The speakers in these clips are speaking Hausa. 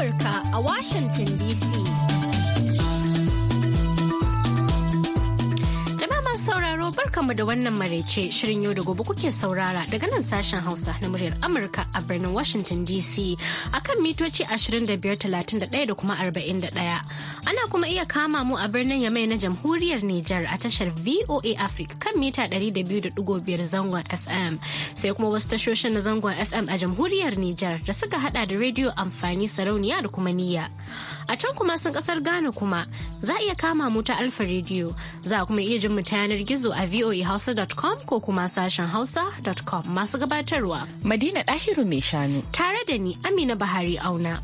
Amurka a Washington DC. barkanmu da wannan maraice shirin yau da gobe kuke saurara daga nan sashen Hausa na muryar Amurka a birnin Washington DC akan mitoci 2531 da kuma 41. Ana kuma iya kama mu a birnin Yamai na Jamhuriyar Nijar a tashar VOA Africa kan mita 200.5 zangon FM. Sai kuma wasu tashoshin na zangon FM a Jamhuriyar Nijar da suka hada da rediyo amfani sarauniya da kuma niyya. A can kuma sun kasar Ghana kuma za a iya kama mu ta Alfa Radio za a kuma iya jin mu ta yanar gizo a VOA voahausa.com ko kuma sashen hausa.com masu gabatarwa. Madina ɗahiru mai shanu. Tare da ni Amina Bahari Auna.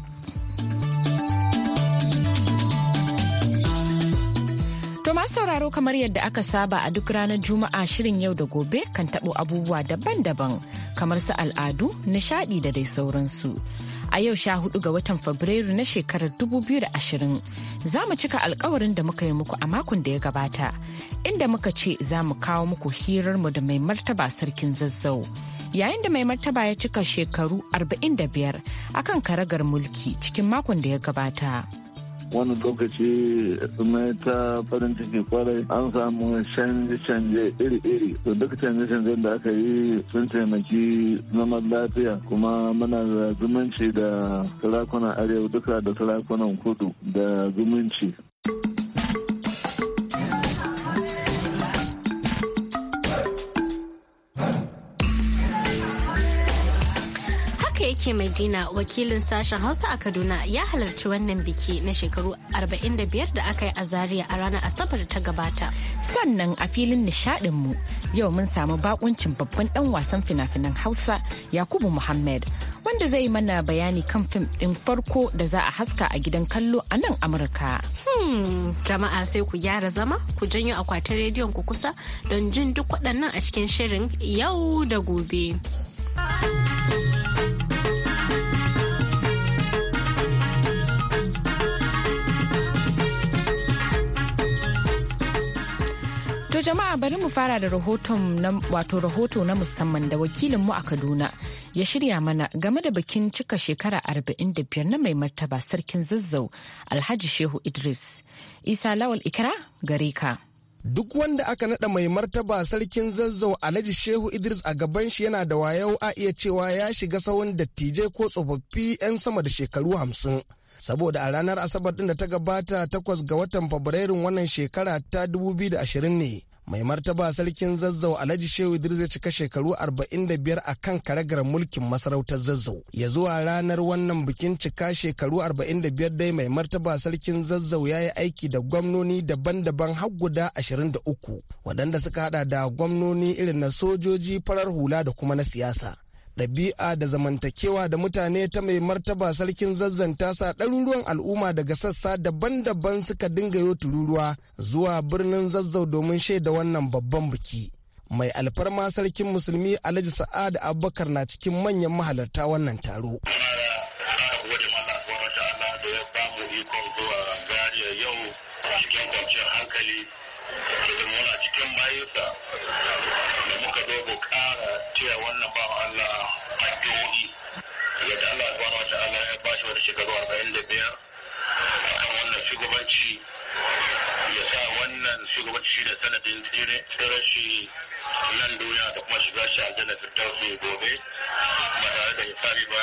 To sauraro kamar yadda aka saba a duk ranar Juma'a shirin yau da gobe kan taɓo abubuwa daban-daban kamar su al'adu, nishaɗi da dai sauransu. a yau sha hudu ga watan Fabrairu na shekarar 2020 za mu cika alkawarin da muka yi muku a makon da ya gabata inda muka ce za mu kawo muku hirarmu da mai martaba sarkin zazzau. Yayin da mai martaba ya cika shekaru 45 akan karagar mulki cikin makon da ya gabata. wani lokaci mai ta farin ciki kwarai an samu canje-canje iri-iri to duk canje canje da aka yi sun taimaki zaman lafiya kuma muna da zumunci da sarakunan arewa duka da sarakunan kudu da zumunci da yake Madina wakilin sashen Hausa a Kaduna ya halarci wannan biki na shekaru 45 da aka yi a Zaria a ranar Asabar ta gabata. Sannan a filin nishadinmu yau mun samu bakuncin babban dan wasan fina-finan Hausa Yakubu Muhammad wanda zai mana bayani kan fim din farko da za a haska a gidan kallo a nan Amurka. Hmm, jama'a sai ku gyara zama ku janyo akwatin rediyon ku kusa don jin duk waɗannan a cikin shirin yau da gobe. To jama'a bari mu fara da rahoton wato rahoto na musamman da wakilin mu a Kaduna ya shirya mana game da bikin cika shekara arba'in da biyar na mai martaba sarkin zazzau Alhaji Shehu Idris. Isa Lawal Ikra gare ka. duk wanda aka naɗa mai martaba sarkin zazzau alhaji shehu idris a gaban shi yana da wayau a iya cewa ya shiga sahun dattijai ko tsofaffi 'yan sama da shekaru hamsin saboda a ranar asabar din da ta gabata takwas ga watan fabrairun wannan shekara ta 2020 ne mai martaba sarkin zazzau alhaji shehu idris ya cika shekaru 45 a kan karagar mulkin masarautar zazzau ya zuwa ranar wannan bikin cika shekaru 45 dai mai martaba sarkin zazzau ya yi aiki da gwamnoni daban-daban har guda 23 waɗanda suka hada da gwamnoni irin na sojoji farar hula da kuma na siyasa ɗabi'a da zamantakewa da mutane ta mai martaba sarkin zazzanta sa ɗaruruwan al'umma daga sassa daban-daban suka dinga yo tururuwa zuwa birnin zazzau domin shaida wannan babban biki. mai alfarma sarkin musulmi alhaji sa'ad abubakar na cikin manyan mahalarta wannan taro. cikin kwanciyar hankali muna cikin bayansa da muka dogo ƙara. a wannan ba Allah addu'o'i yadda Allah subhanahu wata'ala ya bashi wata shekaru arba'in da biyar akan wannan shugabanci ya sa wannan shugabanci da sanadin tsirar shi nan duniya da kuma shiga shi aljanna firdausi gobe ba tare da hisabi ba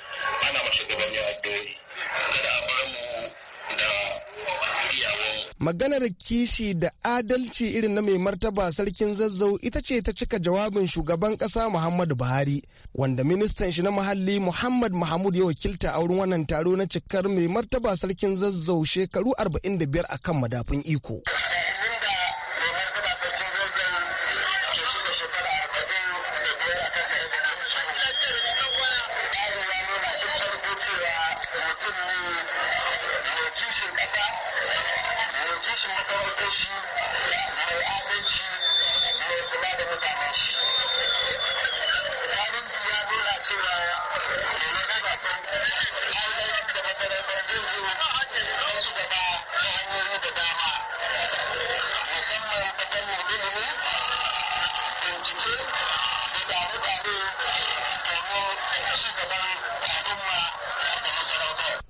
ana masu addu'o'i kada a da maganar kishi da adalci irin na mai martaba sarkin zazzau ita ce ta cika jawabin shugaban kasa muhammadu buhari wanda ministan shi na muhalli muhammad mahmud ya wakilta a wurin wannan taro na cikar mai martaba sarkin zazzau shekaru 45 kan madafin iko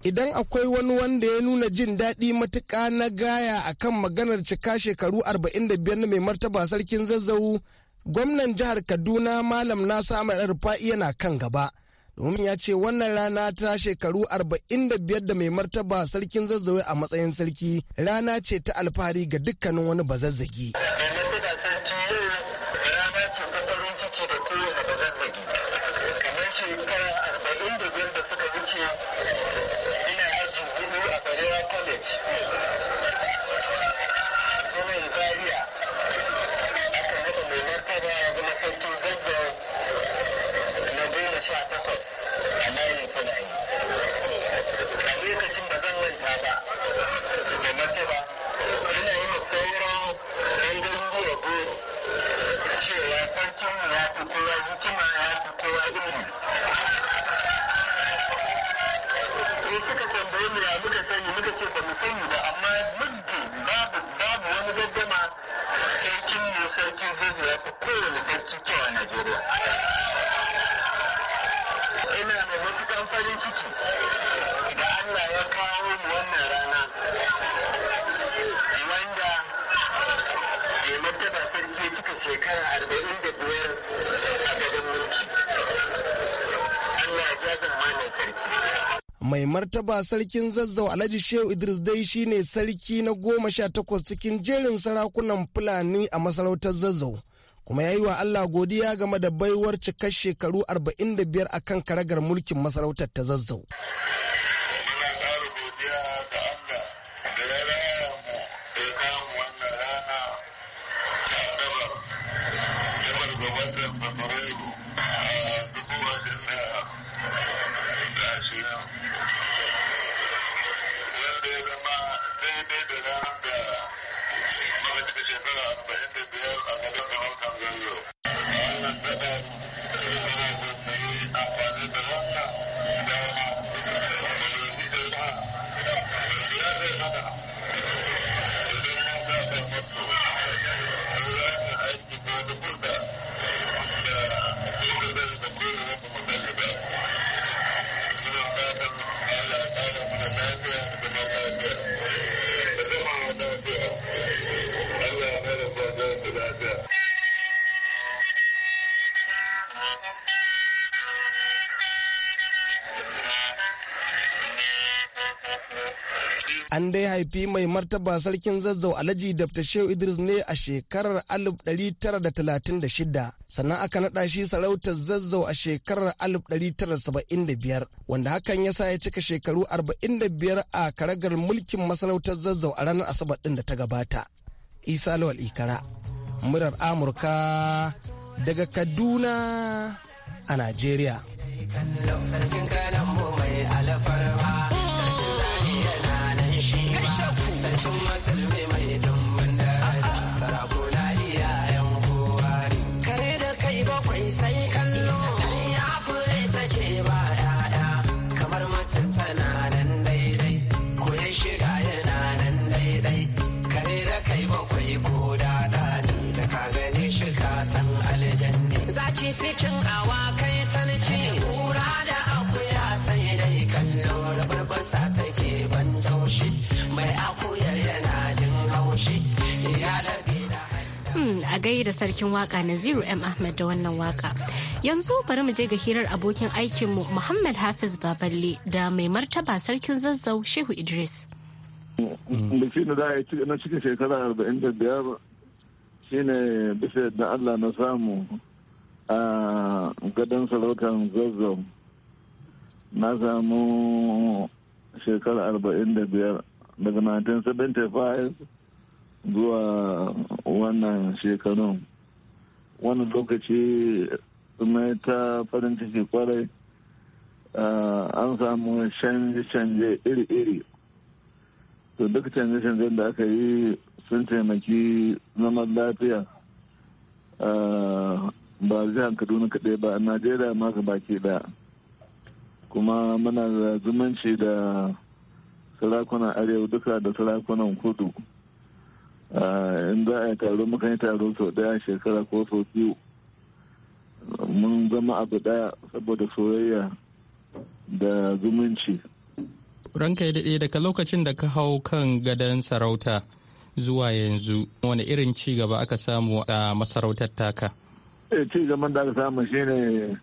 idan akwai wani wanda ya nuna jin daɗi matuƙa na gaya a kan maganar cika shekaru 45 na mai martaba sarkin zazzau gwamnan jihar kaduna malam nasa amir rufa'i yana kan gaba domin ya ce wannan rana ta shekaru 45 da mai martaba sarkin zazzau a matsayin sarki rana ce ta alfahari ga dukkanin wani bazazzagi. mai martaba sarkin zazzau alhaji shehu idris dai shine sarki na goma sha takwas cikin jerin sarakunan fulani a masarautar zazzau kuma ya yi wa allah godiya game da baiwar cikar shekaru 45 a kan karagar mulkin masarautar ta zazzau An dai haifi mai martaba sarkin zazzau Alhaji Dr. Shehu Idris ne a shekarar 1936 sannan aka naɗa shi sarautar zazzau a shekarar 1975 wanda hakan ya sa ya cika shekaru 45 a karagar mulkin masarautar zazzau a ranar Asabar ɗin da ta gabata. Isa Lawal Ikara, murar Amurka daga Kaduna a Najeriya. Sarkin kanan mai alfarma sarkin musulmi mai dumbin daraja sarakuna iyayen kowa ne kare da kai bakwai sai kallo ya fure ce ba ya'ya kamar mutum tana nan daidai ko ya shiga yana nan daidai kare da kai bakwai ko da da ka gane shi ka san aljanni zaki cikin kai sarki gaida sarkin waka na Ziru M Ahmed da wannan waka. Yanzu bari mu je ga hirar abokin aikinmu Muhammad Hafiz Baballe da mai martaba sarkin zazzau Shehu Idris. Mm. Biki da ya ci na cikin shekara arba'in da biyar shine bisa da Allah na samu a gadon sarautar zazzau. Na samu shekara arba'in da biyar daga 1975 zuwa wannan shekarun wani lokaci mai ta farin ciki kwarai an samu canje-canje iri-iri to duk canje canje da aka yi sun taimaki zaman lafiya ba jihar kaduna kaɗai ba a najeriya ma ga baki ɗaya kuma muna da zumunci da sarakunan arewa duka da sarakunan kudu in za a yi taro muka yi taro sau daya shekara ko sau biyu mun zama abu daya saboda soyayya da zumunci ranka ya daɗe daga lokacin da ka hau kan gadon sarauta zuwa yanzu wani irin ci gaba aka samu a masarautar taka eh, ci gaban da aka samu shine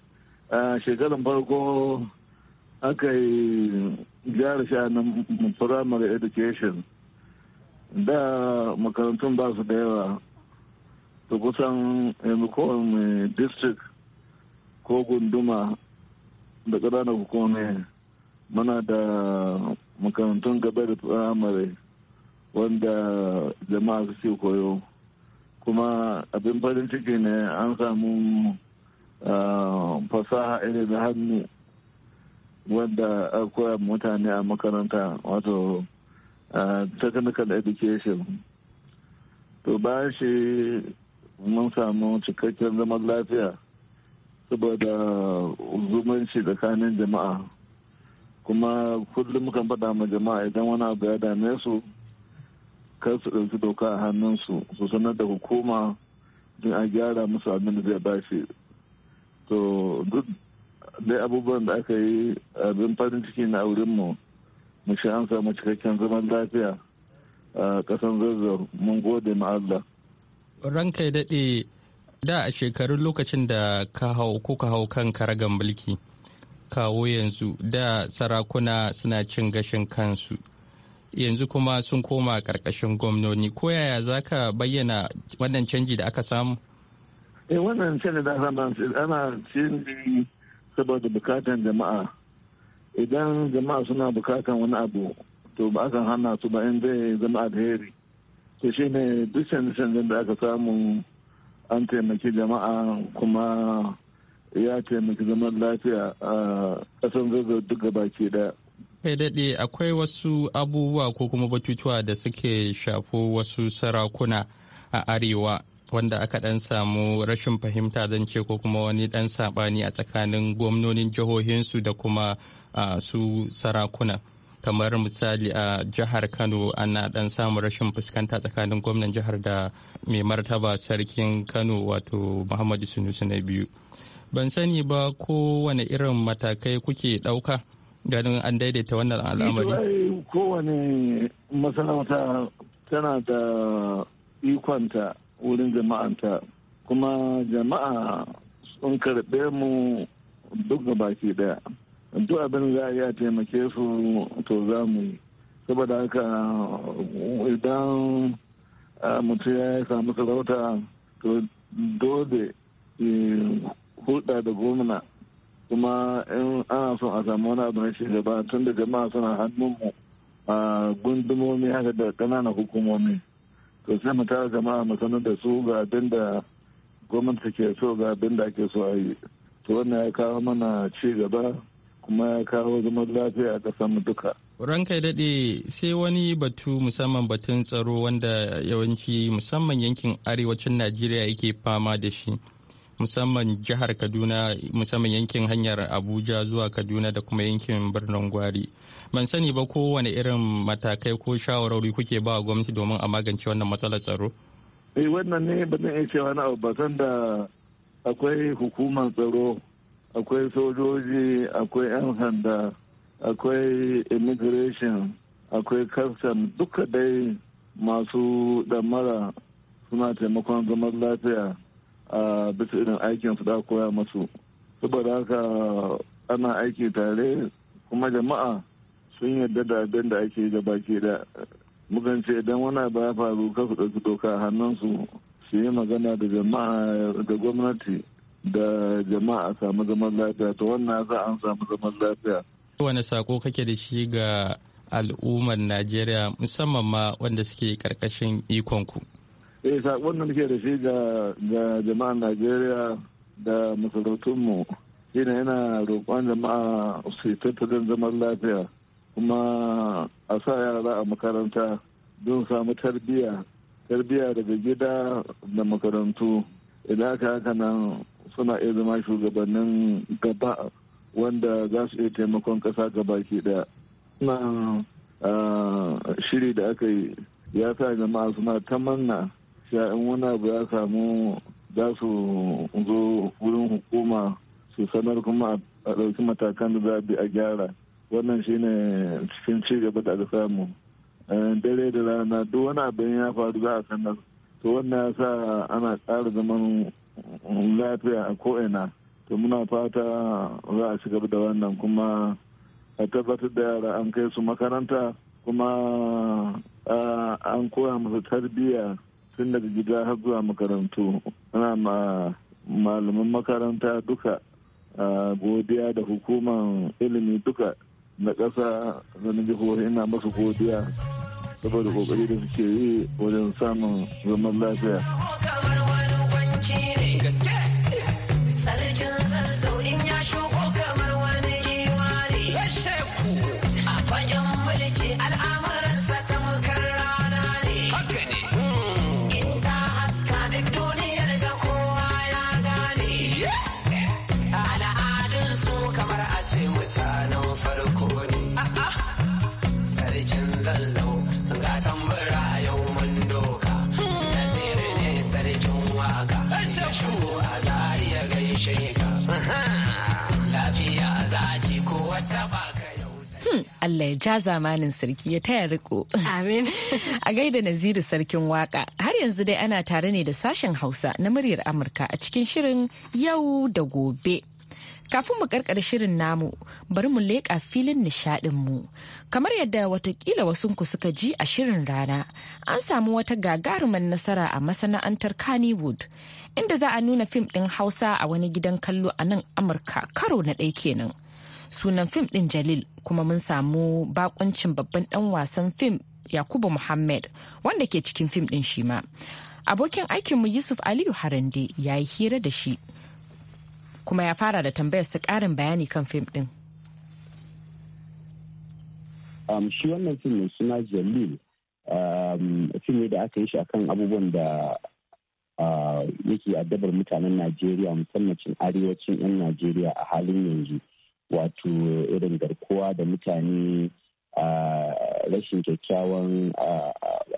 a shekaran farko aka yi gyara nan primary education da makarantun ba su da yawa to kusan yanzu kowane district ko gunduma da ƙananan hukumar muna da makarantun gaba da firamare wanda jama'a su ce koyo kuma abin farin ciki ne an samu fasaha irin da hannu wanda a koya mutane a makaranta wato a technical education to bayan shi mun samu cikakken zaman lafiya saboda zumunci tsakanin jama'a kuma kullum kan faɗa ma jama'a idan wani abu ya dame su kar su ɗauki doka a hannunsu su sanar da hukuma don a gyara musu abin da zai bashi to duk dai abubuwan da aka yi abin farin ciki na mu. mu shi an samu cikakken zaman lafiya a kasan zazzau mun gode ma Allah. Ranka ya daɗe da a shekarun lokacin da ka hau ko ka hau kan karagan mulki kawo yanzu da sarakuna suna cin gashin kansu yanzu kuma sun koma ƙarƙashin gwamnoni ko yaya za ka bayyana wannan canji da aka samu? Eh, wannan canji da ana cin saboda bukatan jama'a idan jama'a suna bukatan wani abu to ba a hana su ba in zai zama alheri to shi ne duk canje-canjen da aka samu an taimaki jama'a kuma ya taimaki zaman lafiya a ƙasar zazzau duk gabaki kai daɗe akwai wasu abubuwa ko kuma batutuwa da suke shafo wasu sarakuna a arewa wanda aka ɗan samu rashin fahimta zance ce ko kuma wani ɗan saɓani a tsakanin gwamnonin jihohinsu da kuma a su sarakuna kamar misali a jihar kano ana dan samun rashin fuskanta tsakanin gwamnan jihar da mai martaba sarkin kano wato muhammadu sunusu na biyu ban sani ba kowane irin matakai kuke ɗauka ganin an daidaita wannan al'amari kowane masarauta tana da ikonta wurin jama'anta kuma jama'a sun karɓe mu duk baki daya duk abin za a iya taimake su to za mu yi saboda haka idan mutum ya samu sarauta to dole eh, hulɗa da gwamna kuma in ana son a samu wani abu na shugaba tun da jama'a suna hannunmu a gundumomi haka da ƙananan hukumomi to sai mu tara jama'a mu sanar da su ga abin da gwamnati ke so ga abin da ake so a yi to wannan ya kawo mana ci gaba kuma ya kawo zaman lafiya a kasar mu duka. Ranka ya daɗe sai wani batu musamman batun tsaro wanda yawanci musamman yankin arewacin Najeriya yake fama da shi. Musamman jihar Kaduna musamman yankin hanyar Abuja zuwa Kaduna da kuma yankin birnin Gwari. Ban sani ba kowane irin matakai ko shawarwari kuke ba gwamnati domin a magance wannan matsalar tsaro. Eh wannan ne ba zan iya cewa na abu ba da akwai hukumar tsaro akwai sojoji akwai 'yan sanda akwai immigration akwai custom duka dai masu damara suna taimakon zaman lafiya a bisa irin aikin su da koya masu saboda haka ana aiki tare kuma jama'a sun yarda da abin da ake gabaki da mukan ce idan wani ba ya faru kasu ɗauki doka hannunsu su yi magana da jama'a da gwamnati da jama'a samu zaman lafiya to wannan za an samu zaman lafiya. wani sako kake da shi ga al'ummar Najeriya musamman ma wanda suke karkashin ikonku? Eh sakon da muke da shi ga jama'ar Najeriya da masarautunmu shine yana roƙon jama'a su tattalin zaman lafiya kuma a sa yara a makaranta don samu tarbiyya tarbiyya daga gida da makarantu idan aka haka nan suna iya zama shugabannin gaba wanda za su iya taimakon ƙasa ke ɗaya. na shiri da aka yi ya sa jama'a suna ta manna sha'in wani abu ya samu za su zo wurin hukuma su sanar kuma a ɗauki matakan da za a bi a gyara wannan shine cikin ci gaba da aka samu dare da rana duk wani abin ya faru za a sanar to wannan ya sa ana ƙara zaman lafiya a ko'ina to muna fata za a ci da wannan kuma a tabbatar da yara an kai su makaranta kuma an koya musu tarbiyya tun daga gida har zuwa makarantu ana ma malaman makaranta duka godiya da hukuman ilimi duka na ƙasa zanen jihohi ina masu godiya saboda kokari da suke yi wajen samun zaman lafiya. Hmm, Allah ya ja zamanin sarki ya taya riko. Amin. a gaida Naziru sarkin waka har yanzu dai ana tare ne da sashen Hausa na muryar Amurka a cikin shirin yau da gobe. Kafin mu karkar shirin namu bari mu leƙa filin nishaɗinmu. Kamar yadda watakila wasunku suka ji a shirin rana, an samu wata gagarumar nasara a masana'antar Kannywood, inda za a nuna fim ɗin Hausa a wani gidan kallo a nan Amurka karo na ɗaya kenan. sunan fim ɗin jalil kuma mun samu bakoncin babban ɗan wasan fim yakubu muhammad wanda ke cikin fim ɗin shi ma abokin aikinmu yusuf aliyu harande ya yi hira da shi kuma ya fara da tambayar su karin bayani kan fim ɗin um, shi wannan fim mai suna jalil um, fim ne da aka yi shi akan abubuwan da yake addabar mutanen najeriya musamman arewacin 'yan najeriya a halin yanzu wato irin garkuwa da mutane a rashin kyakkyawan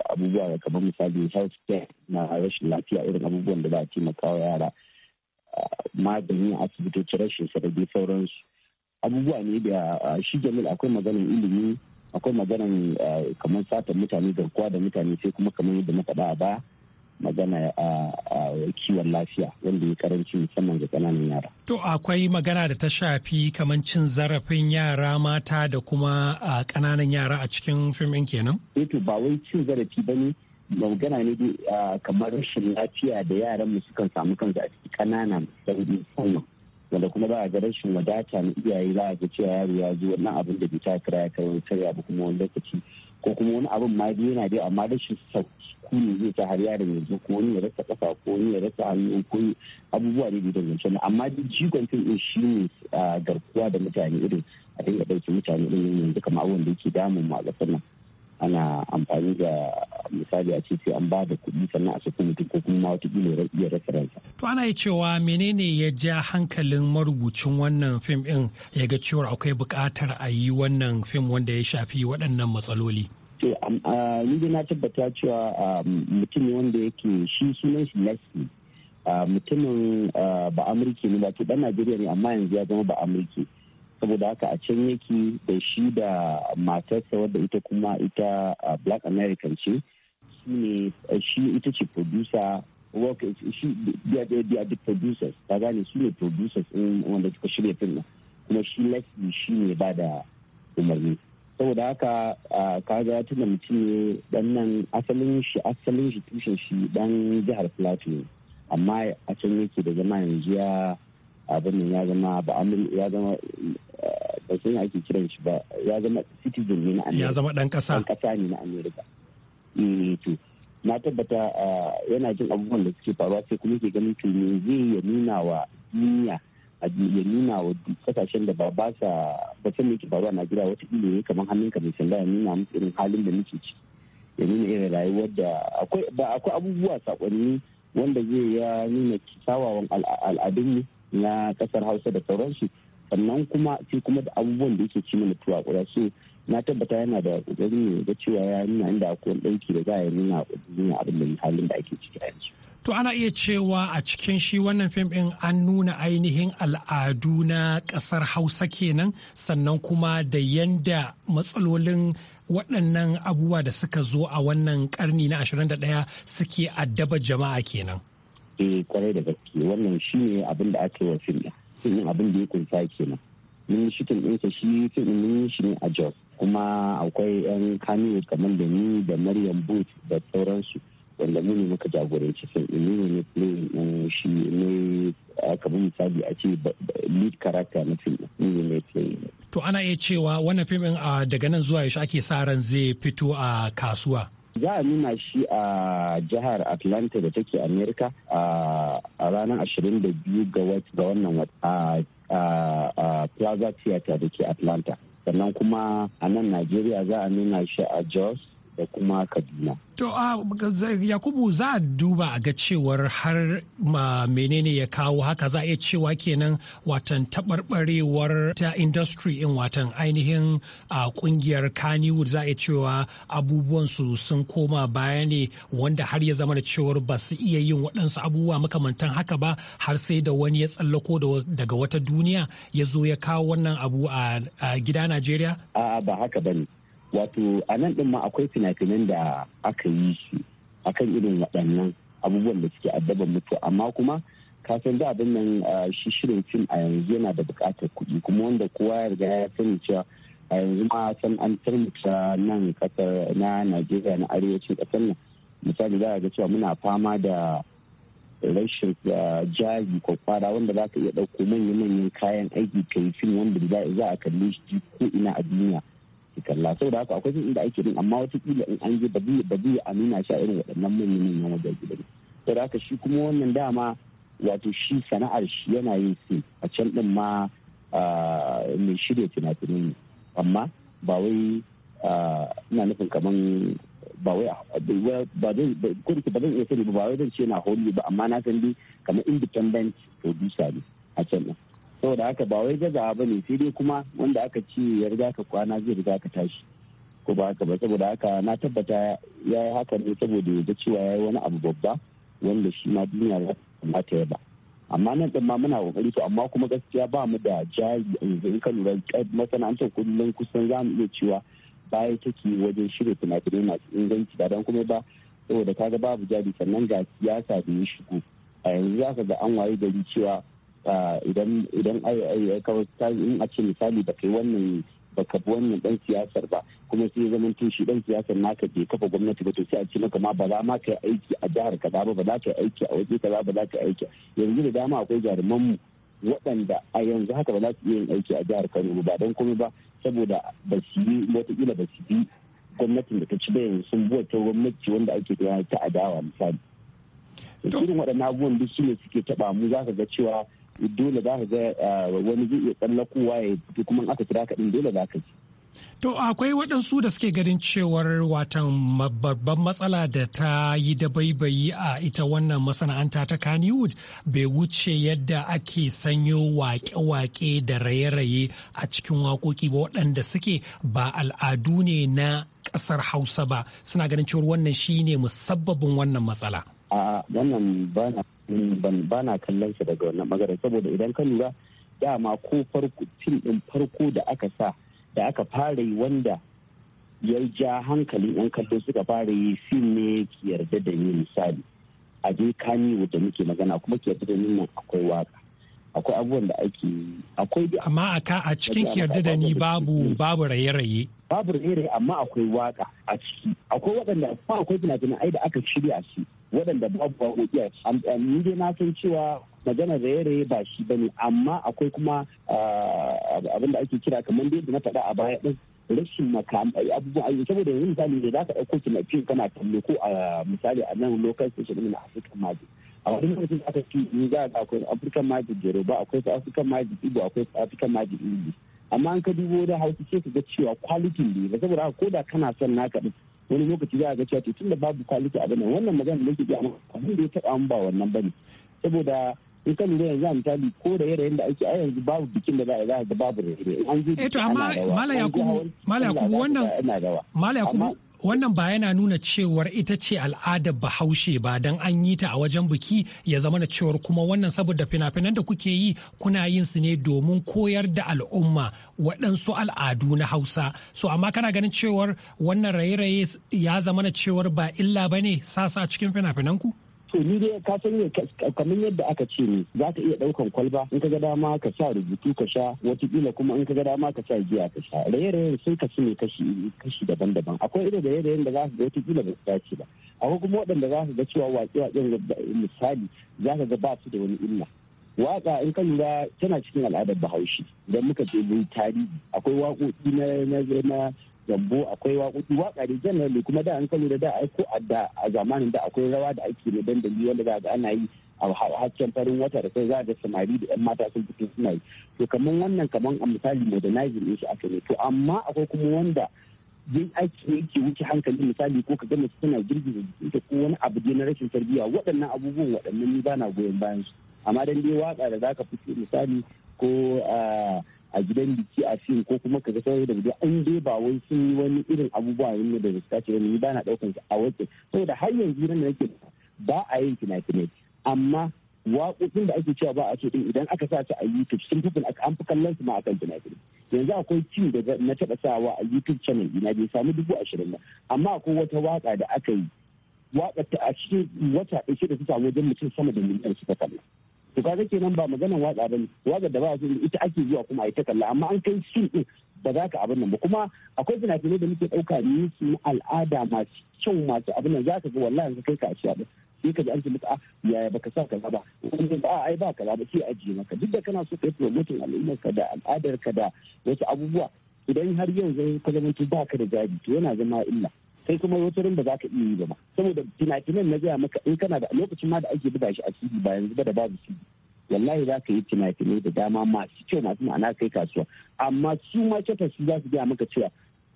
abubuwa kamar misali health care na rashin lafiya irin abubuwan da za a taimakawa yara magani asibitoci rashin sarari sauransu abubuwa ne da shi jamil akwai maganin ilimi akwai maganin kamar satan mutane garkuwa da mutane sai kuma kamar yadda na faɗa ba. magana a kiwon lafiya wanda ya karanci musamman ga kananan yara. To akwai magana da ta shafi kamar cin zarafin yara mata da kuma kananan yara a cikin fim kenan? Eto eh ba wai cin zarafi ba ne magana ne kamar rashin lafiya da yaran mu sukan samu kansu a cikin sauri musamman. wanda kuma ba a ga rashin wadata na iyaye za a ga cewa yaro ya zo wannan abin da bai ta kira ya ya karya ba kuma wani lokaci ko kuma wani abin ma yana dai amma rashin shakku ne zai ta har yaron yanzu ko wani ya rasa kafa ko wani ya rasa hannu ko abubuwa ne da danganci amma duk jigon fim din shi ne garkuwa da mutane irin a dinga ɗauki mutane din yanzu kamar abubuwan da yake damun mu a nan ana amfani da misali a ce sai an ba da kuɗi sannan a saki mutum ko kuma wata ya iya rasa ransa. To ana yi cewa menene ya ja hankalin marubucin wannan fim ɗin ya ga cewa akwai buƙatar a yi wannan fim wanda ya shafi waɗannan matsaloli. to ah, ni dai na tabbata cewa ah, mutum ne wanda yake shi sunan shi leslie ah, mutumin ba amurki ne wato dan najeriya ne amma yanzu ya zama ba amurki saboda haka a can yake da shi da matarsa wadda ita kuma ita black american ce shi ita ce producer work shi biya da producers ta gane su ne producers wanda suka shirya fim kuma shi leslie shi ne ba da umarni saboda haka kaga ya tuna mutum ne dan nan asalin shi asalin shi tushen shi dan jihar plateau amma a can yake da zama yanzu ya abin ya zama ba ya zama ba sun ake kiran shi ba ya zama citizen ne na america ya zama dan kasa dan kasa ne na amerika eh, na tabbata yana jin abubuwan da suke faruwa sai kuma ke ganin to zai zai ya nuna wa duniya ya nuna wa kasashen da ba ba sa san ke faruwa a najeriya wata ilo ya kamar hannun ka mai sanda ya nuna musu irin halin da muke ci ya nuna irin rayuwar da akwai abubuwa sakonni wanda zai ya nuna kyawawan al'adunmu na kasar hausa da sauransu sannan kuma sai kuma da abubuwan da yake ci mana tuwa kura so na tabbata yana da kokari ne ga cewa ya nuna inda akwai ɗauki da za a nuna abin da halin da ake ciki a yanzu. To ana iya cewa a cikin shi wannan fim ɗin an nuna ainihin al'adu na ƙasar Hausa kenan sannan kuma da yanda matsalolin waɗannan abubuwa da suka zo a wannan ƙarni na 21 suke addaba jama'a kenan. Eh kwarai da gaske wannan shi ne abin da aka wa fim ɗin. Fim ɗin abin da ya kunsa kenan. Mun yi shi fim ɗinsa shi fim ɗin mun shi ne a Jos. Kuma akwai 'yan kamiyo kamar da ni da Maryam Booth da sauransu. wanda mu ne muka jagoranci sun ne ne ne shi ne aka bi misali a ce lead character na film ne ne to ana iya cewa wannan fim din ah, daga nan zuwa yaushe ake sa ran zai fito a kasuwa za a nuna shi a jihar atlanta da take america a ranar 22 ga wannan wata a plaza theater da ke atlanta sannan kuma a nan najeriya za a nuna shi a jos da kuma kaduna. To Yakubu za a duba a ga cewar har ma menene ya kawo haka za a iya cewa kenan watan taɓarɓarewar ta industry in watan ainihin a kungiyar Kannywood za a iya cewa abubuwan su sun koma baya ne wanda har ya zama da cewar ba su iya yin waɗansu abubuwa makamantan haka ba har sai da wani ya tsallako daga wata duniya ya zo ya kawo wannan abu a gida Najeriya? A'a ba haka ba ne. wato a nan ɗin ma akwai fina-finan da aka yi su akan irin waɗannan abubuwan da suke addaban mutu amma kuma kasan da abin nan shi shirin fim a yanzu yana da buƙatar kuɗi kuma wanda kowa ya riga ya sani cewa a yanzu ma san an tarmita nan ƙasar na najeriya na arewacin ƙasar nan misali za a ga cewa muna fama da rashin jari kwakwara wanda za ka iya ɗauko manya-manyan kayan aiki kai fim wanda za a kalli shi ko ina a duniya su kalla saboda haka akwai sun inda ake din amma wata kila in an je ba zai a nuna shi a irin waɗannan manyan manyan wajaji ba saboda haka shi kuma wannan dama wato shi sana'ar shi yana yin su a can din ma mai shirya tunatunin finai amma ba wai ina nufin kaman ba wai ba zai ko da ba zan iya sani ba ba wai zan ce na holi ba amma na san dai kamar independent producer ne a can din saboda haka ba wai gazawa ba ne sai dai kuma wanda aka ce ya riga ka kwana zai riga ka tashi ko ba haka ba saboda haka na tabbata ya yi haka ne saboda ya cewa ya yi wani abu babba wanda shi ma duniya za ta kamata ya ba amma nan din ma muna kokari to amma kuma gaskiya ba mu da jari yanzu in ka lura masana'antar kullum kusan za mu iya cewa baya take wajen shirya fina masu inganci ba don kuma ba saboda kaga babu jari sannan ga siyasa da ya shigo a yanzu za ka ga an wayi gari cewa Ah, idan idan in a ce misali ba kai wannan ba wannan dan siyasar ba kuma sai zama shi dan siyasar naka bai kafa gwamnati ba to sai a ce maka ma ba za ma ka aiki a jihar kaza ba ba za ka aiki a waje kaza ba za ka aiki yanzu da dama akwai jaruman mu waɗanda a yanzu haka ba za su iya yin aiki a jihar Kano ba dan kuma ba saboda ba su yi wataƙila ba su bi gwamnatin da ta ci da yanzu sun buwa ta gwamnati wanda ake ta adawa misali. Irin waɗannan abubuwan duk su ne suke taɓa mu za ka ga cewa dole za ga ah, wani zai iya tsallakowa ya fito kuma aka kira ka din dole za ka ji. To akwai waɗansu da suke ganin cewar watan babban matsala da ta yi da baibayi a ita wannan masana'anta ta Kannywood bai wuce yadda ake sanyo wake-wake da raye-raye a cikin waƙoƙi ba waɗanda suke ba al'adu ne na ƙasar Hausa ba suna ganin cewar wannan ne musabbabin wannan matsala. a wannan ba na Mm, ba na kallon shi daga wannan bangaren saboda idan ka lura dama ko farko fim din farko da aka sa da aka fara yi wanda ya ja hankali yan kallo suka fara yi fim ne ki yarda da ni misali a je kani da muke magana kuma ki yarda da ni akwai waka akwai abubuwan da ake akwai amma aka a cikin ki yarda da ni babu babu raye-raye babu raye-raye amma akwai waka a ciki akwai waɗanda akwai fina-finan ai da aka shirya shi. waɗanda babu ba a ni dai na san cewa magana da raye ba shi bane amma akwai kuma abin da ake kira kamar da na faɗa a baya ɗin rashin makamai abubuwan ayyuka saboda yanzu misali ne za ka ɗauko kinafin kana kallo ko a misali a nan local station na afirka maji. a wani lokacin da aka fi in za a akwai African maji Yoruba akwai afirka maji Igbo akwai afirka maji English amma an ka dubo da hausa sai ka ga cewa kwalitin ne saboda haka ko da kana son naka ɗin wani lokaci za a ga cewa tun da babu kwaliti a bane wannan magana da nake gaya abin da ya taɓa mu ba wannan bane saboda in ka lura yanzu a misali ko da yanayin yanda ake a yanzu babu bikin da za a ga babu rere an zo eh, amma mala yakubu mala yakubu wannan mala yakubu wannan ba yana nuna cewar ita ce al'adar bahaushe ba don an yi ta a wajen biki ya zama da cewar kuma wannan saboda fina-finan da kuke yi kuna yin su ne domin koyar da al'umma waɗansu al'adu na hausa so amma kana ganin cewar wannan raye-raye ya zama na cewar ba illa ba ne sasa cikin fina-finanku? ku to ni dai ka san kamar yadda aka ce ni za ka iya ɗaukan kwalba in ka ga dama ka sa rubutu ka sha watakila kuma in ka ga dama ka sa giya ka sha raye-rayen sun kasu ne kashi kashi daban-daban akwai irin raye-rayen da za su ga watakila ba su dace ba akwai kuma waɗanda za su ga cewa waƙe-waƙen misali za ka ga ba su da wani illa waƙa in ka lura tana cikin al'adar bahaushe idan muka je tarihi akwai waƙoƙi na na zambo akwai waƙoƙi waƙa da generally kuma da an kalu da da ko adda da a zamanin da akwai rawa da ake na dandali wanda za ga ana yi a hakken farin wata da kai za da samari da yan mata sun fito suna yi to kaman wannan kamar a misali modernizing ne shi aka ne to amma akwai kuma wanda yin aiki ne yake wuce hankali misali ko ka gama suna girgiza ta ko wani abu dai na rashin tarbiyya waɗannan abubuwan waɗannan ni ba na goyon bayan su amma dan dai waka da za zaka fito misali ko ah, a gidan biki a fim ko kuma ka ga saurayi da bidiyo an dai ba wai sun yi wani irin abubuwa ne da su dace ni ba na daukan a wace saboda har yanzu nan da nake ba a yin fina-finai amma waƙoƙin da ake cewa ba a so din idan aka sa su a YouTube sun fi an fi kallon su ma akan fina-finai yanzu akwai cin da na taɓa sawa a YouTube channel ina bai samu dubu ashirin ba amma akwai wata waƙa da aka yi waƙa ta a cikin wata ɗaya da ta samu wajen mutum sama da miliyan ta kalla to kaga kenan ba maganan waka ne waka da ba a ita ake zuwa kuma a ita kalla amma an kai shi din ba za ka abin nan ba kuma akwai fina-finai da muke ɗauka ne su al'ada masu kyau masu abin nan za ka ga wallahi ka kai ka a ciya sai ka ji an ce maka ah, yaya baka sa kaza ba wanda ba ah, ai ba kaza ba sai ajiye maka duk da kana so ka yi al'ummar ka da al'adar ka da wasu abubuwa idan har yau zai ka zama ba ka da jari to yana zama illa kai kuma wata ba za ka iya yi ba saboda fina-finan na gaya maka in kana da lokacin ma da ake buga shi a cibi ba yanzu ba da babu su wallahi za ka yi fina-finai da dama masu kyau masu ma'ana kai kasuwa amma su ma su za su gaya maka cewa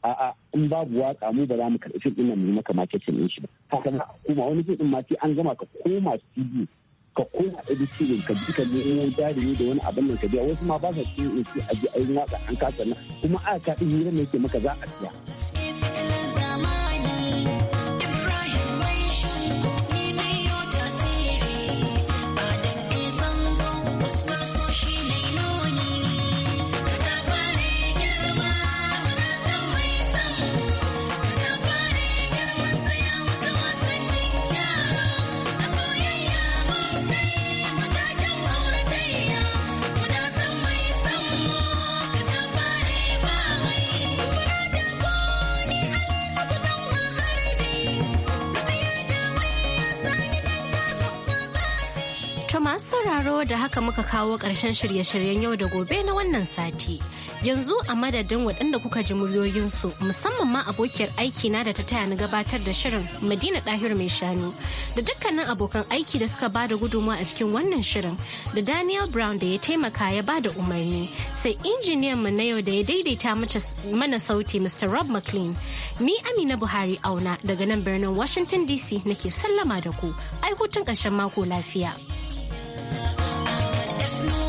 a'a in babu waka mu ba za mu karɓi fim ɗin mu maka marketing ɗin shi ba haka na kuma wani fim ɗin ma sai an gama ka koma studio ka koma editing ka ji ka nemo jarumi da wani abin nan ka biya wasu ma ba sa cikin in a ji ayin waka an kasa na kuma a ka ɗin hira ne ke maka za a siya. haka muka kawo ƙarshen shirye-shiryen yau da gobe na wannan sati. Yanzu a madadin waɗanda kuka ji muryoyinsu musamman ma abokiyar aiki na da ta taya ni gabatar da shirin Madina dahir mai shanu da dukkanin abokan aiki da suka bada gudunmawa a cikin wannan shirin da Daniel Brown da ya taimaka ya bada umarni sai injiniyan mu na yau da ya daidaita mana sauti Mr. Rob McLean. Ni Amina Buhari auna daga nan birnin Washington DC nake sallama da ku. Ai hutun ƙarshen mako lafiya. es